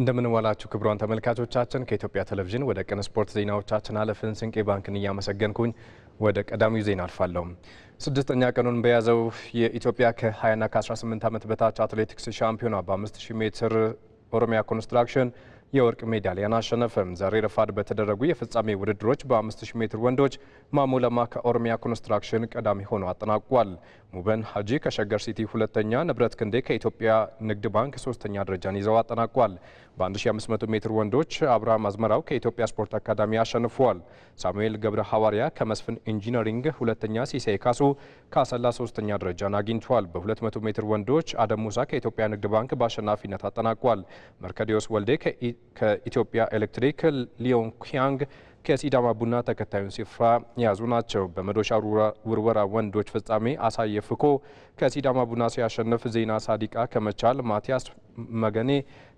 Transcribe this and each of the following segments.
እንደምንዋላችሁ ክቡራን ተመልካቾቻችን፣ ከኢትዮጵያ ቴሌቪዥን ወደ ቀን ስፖርት ዜናዎቻችን አለፍን። ስንቄ ባንክን እያመሰገንኩኝ ወደ ቀዳሚው ዜና አልፋለሁ። ስድስተኛ ቀኑን በያዘው የኢትዮጵያ ከ20ና ከ18 ዓመት በታች አትሌቲክስ ሻምፒዮና በ5000 ሜትር ኦሮሚያ ኮንስትራክሽን የወርቅ ሜዳሊያን አሸነፈም። ዛሬ ረፋድ በተደረጉ የፍጻሜ ውድድሮች በ5000 ሜትር ወንዶች ማሞ ለማ ከኦሮሚያ ኮንስትራክሽን ቀዳሚ ሆኖ አጠናቋል። ሙበን ሀጂ ከሸገር ሲቲ ሁለተኛ፣ ንብረት ክንዴ ከኢትዮጵያ ንግድ ባንክ ሶስተኛ ደረጃን ይዘው አጠናቋል። በ1500 ሜትር ወንዶች አብርሃም አዝመራው ከኢትዮጵያ ስፖርት አካዳሚ አሸንፏል። ሳሙኤል ገብረ ሐዋርያ ከመስፍን ኢንጂነሪንግ ሁለተኛ፣ ሲሳይ ካሱ ከአሰላ ሶስተኛ ደረጃን አግኝቷል። በ200 ሜትር ወንዶች አደም ሙሳ ከኢትዮጵያ ንግድ ባንክ በአሸናፊነት አጠናቋል። መርከዲዮስ ወልዴ ከኢትዮጵያ ኤሌክትሪክ፣ ሊዮን ኪያንግ ከሲዳማ ቡና ተከታዩን ስፍራ የያዙ ናቸው። በመዶሻ ውርወራ ወንዶች ፍጻሜ አሳየ ፍኮ ከሲዳማ ቡና ሲያሸንፍ፣ ዜና ሳዲቃ ከመቻል፣ ማቲያስ መገኔ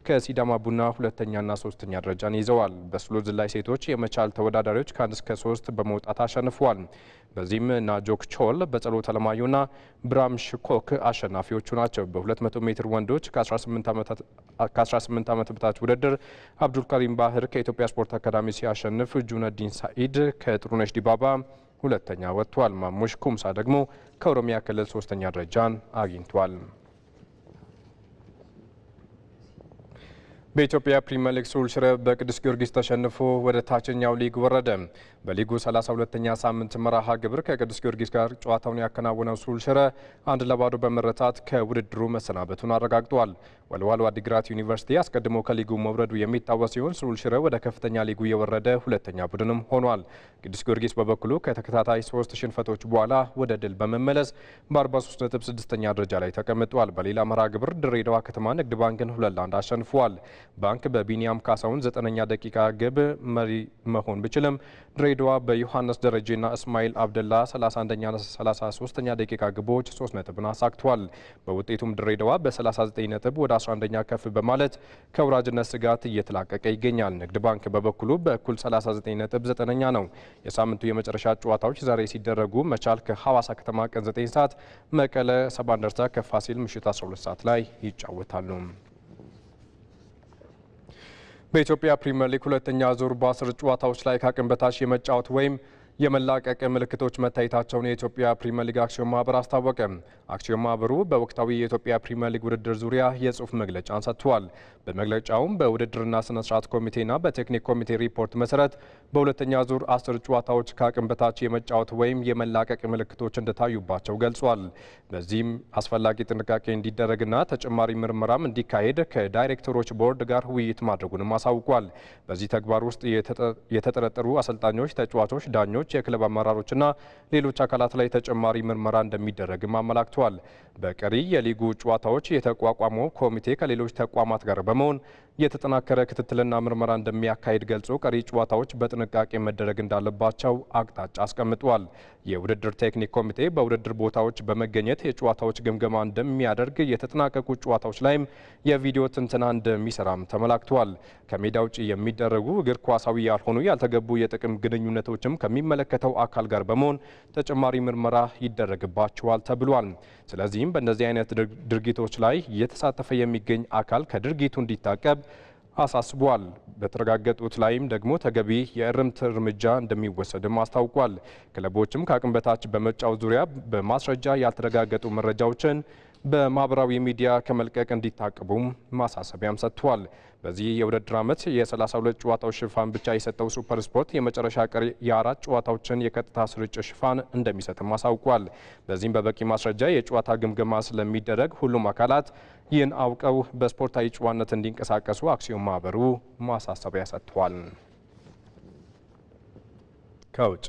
ከሲዳማ ቡና ሁለተኛና ሶስተኛ ደረጃን ይዘዋል። በስሎ ዝላይ ሴቶች የመቻል ተወዳዳሪዎች ከአንድ እስከ ሶስት በመውጣት አሸንፈዋል። በዚህም ናጆክ ቾል በጸሎት አለማዩና ብራም ሽኮክ አሸናፊዎቹ ናቸው። በ200 ሜትር ወንዶች ከ18 ዓመት በታች ውድድር አብዱልካሪም ባህር ከኢትዮጵያ ስፖርት አካዳሚ ሲያሸንፍ፣ ጁነዲን ሳኢድ ከጥሩነሽ ዲባባ ሁለተኛ ወጥቷል። ማሙሽ ኩምሳ ደግሞ ከኦሮሚያ ክልል ሶስተኛ ደረጃን አግኝቷል። በኢትዮጵያ ፕሪምየር ሊግ ሱል ሽረ በቅዱስ ጊዮርጊስ ተሸንፎ ወደ ታችኛው ሊግ ወረደ። በሊጉ 32ኛ ሳምንት መርሃ ግብር ከቅዱስ ጊዮርጊስ ጋር ጨዋታውን ያከናወነው ሱል ሽረ አንድ ለባዶ በመረታት ከውድድሩ መሰናበቱን አረጋግጧል። ወልዋሎ አዲግራት ዩኒቨርሲቲ አስቀድሞ ከሊጉ መውረዱ የሚታወስ ሲሆን ሱል ሽረ ወደ ከፍተኛ ሊጉ የወረደ ሁለተኛ ቡድንም ሆኗል። ቅዱስ ጊዮርጊስ በበኩሉ ከተከታታይ ሶስት ሽንፈቶች በኋላ ወደ ድል በመመለስ በ43 ነጥብ ስድስተኛ ደረጃ ላይ ተቀምጧል። በሌላ መርሃ ግብር ድሬዳዋ ከተማ ንግድ ባንክን ሁለት ለአንድ አሸንፏል። ባንክ በቢኒያም ካሳሁን ዘጠነኛ ደቂቃ ግብ መሪ መሆን ቢችልም ድሬዳዋ በዮሐንስ ደረጀና እስማኤል አብደላ 31ኛና 33ኛ ደቂቃ ግቦች 3 ነጥብን አሳክቷል። በውጤቱም ድሬዳዋ በ39 ነጥብ ወደ 11ኛ ከፍ በማለት ከወራጅነት ስጋት እየተላቀቀ ይገኛል። ንግድ ባንክ በበኩሉ በእኩል 39 ነጥብ ዘጠነኛ ነው። የሳምንቱ የመጨረሻ ጨዋታዎች ዛሬ ሲደረጉ መቻል ከሐዋሳ ከተማ ቀን 9 ሰዓት፣ መቀለ ሰባ እንደርታ ከፋሲል ምሽት 12 ሰዓት ላይ ይጫወታሉ። በኢትዮጵያ ፕሪምየር ሊግ ሁለተኛ ዙር በአስር ጨዋታዎች ላይ ከአቅም በታች የመጫወት ወይም የመላቀቅ ምልክቶች መታየታቸውን የኢትዮጵያ ፕሪምየር ሊግ አክሲዮን ማህበር አስታወቀ። አክሲዮን ማህበሩ በወቅታዊ የኢትዮጵያ ፕሪምየር ሊግ ውድድር ዙሪያ የጽሁፍ መግለጫን ሰጥቷል። በመግለጫውም በውድድርና ስነ ስርዓት ኮሚቴና በቴክኒክ ኮሚቴ ሪፖርት መሰረት በሁለተኛ ዙር አስር ጨዋታዎች ከአቅም በታች የመጫወት ወይም የመላቀቅ ምልክቶች እንደታዩባቸው ገልጿል። በዚህም አስፈላጊ ጥንቃቄ እንዲደረግና ተጨማሪ ምርመራም እንዲካሄድ ከዳይሬክተሮች ቦርድ ጋር ውይይት ማድረጉንም አሳውቋል። በዚህ ተግባር ውስጥ የተጠረጠሩ አሰልጣኞች፣ ተጫዋቾች፣ ዳኞች ተጫዋቾች፣ የክለብ አመራሮችና ሌሎች አካላት ላይ ተጨማሪ ምርመራ እንደሚደረግም አመላክተዋል። በቀሪ የሊጉ ጨዋታዎች የተቋቋመው ኮሚቴ ከሌሎች ተቋማት ጋር በመሆን የተጠናከረ ክትትልና ምርመራ እንደሚያካሂድ ገልጾ ቀሪ ጨዋታዎች በጥንቃቄ መደረግ እንዳለባቸው አቅጣጫ አስቀምጧል። የውድድር ቴክኒክ ኮሚቴ በውድድር ቦታዎች በመገኘት የጨዋታዎች ግምገማ እንደሚያደርግ፣ የተጠናቀቁ ጨዋታዎች ላይም የቪዲዮ ትንተና እንደሚሰራም ተመላክቷል። ከሜዳ ውጭ የሚደረጉ እግር ኳሳዊ ያልሆኑ ያልተገቡ የጥቅም ግንኙነቶችም ከሚመለከተው አካል ጋር በመሆን ተጨማሪ ምርመራ ይደረግባቸዋል ተብሏል። ስለዚህም በእነዚህ አይነት ድርጊቶች ላይ እየተሳተፈ የሚገኝ አካል ከድርጊቱ እንዲታቀብ አሳስቧል። በተረጋገጡት ላይም ደግሞ ተገቢ የእርምት እርምጃ እንደሚወሰድም አስታውቋል። ክለቦችም ከአቅም በታች ዙሪያ በማስረጃ ያልተረጋገጡ መረጃዎችን በማህበራዊ ሚዲያ ከመልቀቅ እንዲታቀቡም ማሳሰቢያም ሰጥቷል። በዚህ የውድድር ዓመት የ32 ጨዋታዎች ሽፋን ብቻ የሰጠው ሱፐር ስፖርት የመጨረሻ ቀሪ የአራት ጨዋታዎችን የቀጥታ ስርጭት ሽፋን እንደሚሰጥም አሳውቋል። በዚህም በበቂ ማስረጃ የጨዋታ ግምገማ ስለሚደረግ ሁሉም አካላት ይህን አውቀው በስፖርታዊ ጨዋነት እንዲንቀሳቀሱ አክሲዮን ማህበሩ ማሳሰቢያ ሰጥቷል። ከውጭ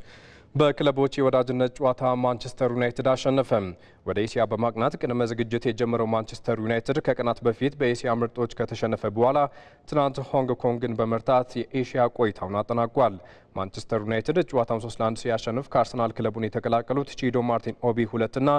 በክለቦች የወዳጅነት ጨዋታ ማንቸስተር ዩናይትድ አሸነፈ። ወደ ኤሲያ በማቅናት ቅድመ ዝግጅት የጀመረው ማንቸስተር ዩናይትድ ከቀናት በፊት በኤሲያ ምርጦች ከተሸነፈ በኋላ ትናንት ሆንግ ኮንግን በመርታት የኤሽያ ቆይታውን አጠናቋል። ማንቸስተር ዩናይትድ ጨዋታውን 3 ለ1 ሲያሸንፍ ከአርሰናል ክለቡን የተቀላቀሉት ቺዶ ማርቲን ኦቢ ሁለትና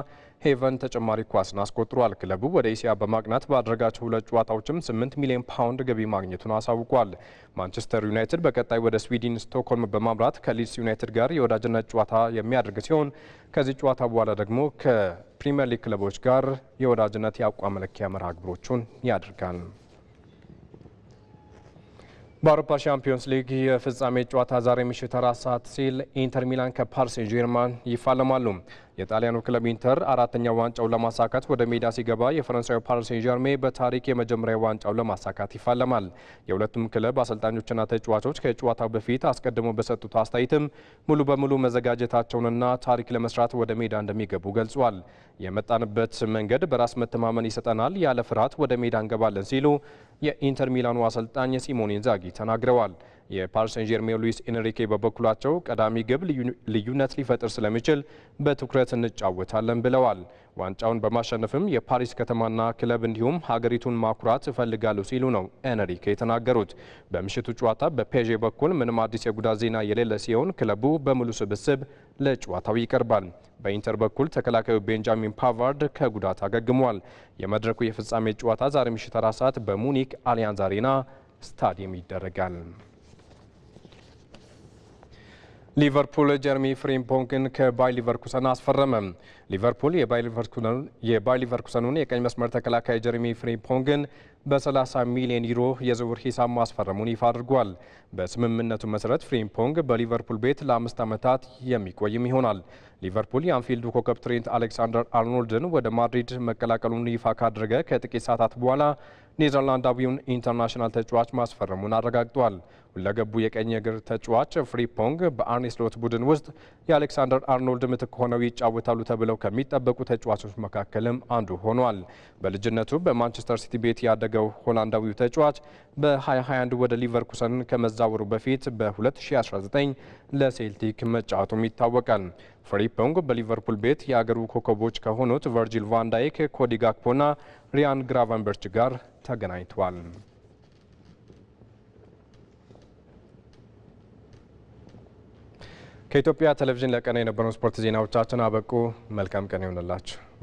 ሄቨን ተጨማሪ ኳስን አስቆጥሯል። ክለቡ ወደ ኤሲያ በማቅናት ባደረጋቸው ሁለት ጨዋታዎችም 8 ሚሊዮን ፓውንድ ገቢ ማግኘቱን አሳውቋል። ማንቸስተር ዩናይትድ በቀጣይ ወደ ስዊድን ስቶክሆልም በማምራት ከሊድስ ዩናይትድ ጋር የወዳጅነት ጨዋታ የሚያደርግ ሲሆን ከዚህ ጨዋታ በኋላ ደግሞ ከፕሪምየር ሊግ ክለቦች ጋር የወዳጅነት የአቋም መለኪያ መርሃ ግብሮቹን ያደርጋል። በአውሮፓ ሻምፒዮንስ ሊግ የፍጻሜ ጨዋታ ዛሬ ምሽት አራት ሰዓት ሲል ኢንተር ሚላን ከፓሪስ ጀርማን ይፋለማሉ። የጣሊያኑ ክለብ ኢንተር አራተኛ ዋንጫውን ለማሳካት ወደ ሜዳ ሲገባ የፈረንሳዩ ፓሪስ ሴን በታሪክ የመጀመሪያ ዋንጫውን ለማሳካት ይፋለማል። የሁለቱም ክለብ አሰልጣኞችና ተጫዋቾች ከጨዋታው በፊት አስቀድሞ በሰጡት አስተያየትም ሙሉ በሙሉ መዘጋጀታቸውንና ታሪክ ለመስራት ወደ ሜዳ እንደሚገቡ ገልጿል። የመጣንበት መንገድ በራስ መተማመን ይሰጠናል፣ ያለ ፍርሃት ወደ ሜዳ እንገባለን ሲሉ የኢንተር ሚላኑ አሰልጣኝ ሲሞኔ ኢንዛጊ ተናግረዋል። የፓሪስ ሰን ጀርሜን ሉዊስ ኢንሪኬ በበኩላቸው ቀዳሚ ግብ ልዩነት ሊፈጥር ስለሚችል በትኩረት እንጫወታለን ብለዋል። ዋንጫውን በማሸነፍም የፓሪስ ከተማና ክለብ እንዲሁም ሀገሪቱን ማኩራት እፈልጋለሁ ሲሉ ነው ኤንሪኬ የተናገሩት። በምሽቱ ጨዋታ በፔዤ በኩል ምንም አዲስ የጉዳት ዜና የሌለ ሲሆን ክለቡ በሙሉ ስብስብ ለጨዋታው ይቀርባል። በኢንተር በኩል ተከላካዩ ቤንጃሚን ፓቫርድ ከጉዳት አገግሟል። የመድረኩ የፍጻሜ ጨዋታ ዛሬ ምሽት አራት ሰዓት በሙኒክ አሊያንዝ አሬና ስታዲየም ይደረጋል። ሊቨርፑል ጀርሚ ፍሪምፖንግን ከባይ ሊቨርኩሰን አስፈረመ። ሊቨርፑል የባይ ሊቨርኩሰኑን የቀኝ መስመር ተከላካይ ጀርሚ ፍሪምፖንግን በ30 ሚሊዮን ዩሮ የዝውውር ሂሳብ ማስፈረሙን ይፋ አድርጓል። በስምምነቱ መሰረት ፍሪምፖንግ በሊቨርፑል ቤት ለአምስት ዓመታት የሚቆይም ይሆናል። ሊቨርፑል የአንፊልዱ ኮከብ ትሬንት አሌክሳንደር አርኖልድን ወደ ማድሪድ መቀላቀሉን ይፋ ካደረገ ከጥቂት ሰዓታት በኋላ ኔዘርላንዳዊውን ኢንተርናሽናል ተጫዋች ማስፈረሙን አረጋግጧል። ሁለገቡ የቀኝ እግር ተጫዋች ፍሪምፖንግ በአርኔስሎት ቡድን ውስጥ የአሌክሳንደር አርኖልድ ምትክ ሆነው ይጫወታሉ ተብለው ከሚጠበቁ ተጫዋቾች መካከልም አንዱ ሆኗል። በልጅነቱ በማንቸስተር ሲቲ ቤት ያደገ ያደረገው ሆላንዳዊው ተጫዋች በ2021 ወደ ሊቨርኩሰን ከመዛወሩ በፊት በ2019 ለሴልቲክ መጫወቱም ይታወቃል። ፍሪፖንግ በሊቨርፑል ቤት የአገሩ ኮከቦች ከሆኑት ቨርጂል ቫንዳይክ፣ ኮዲ ጋክፖና ሪያን ግራቨንበርች ጋር ተገናኝቷል። ከኢትዮጵያ ቴሌቪዥን ለቀን የነበረው ስፖርት ዜናዎቻችን አበቁ። መልካም ቀን ይሆንላችሁ።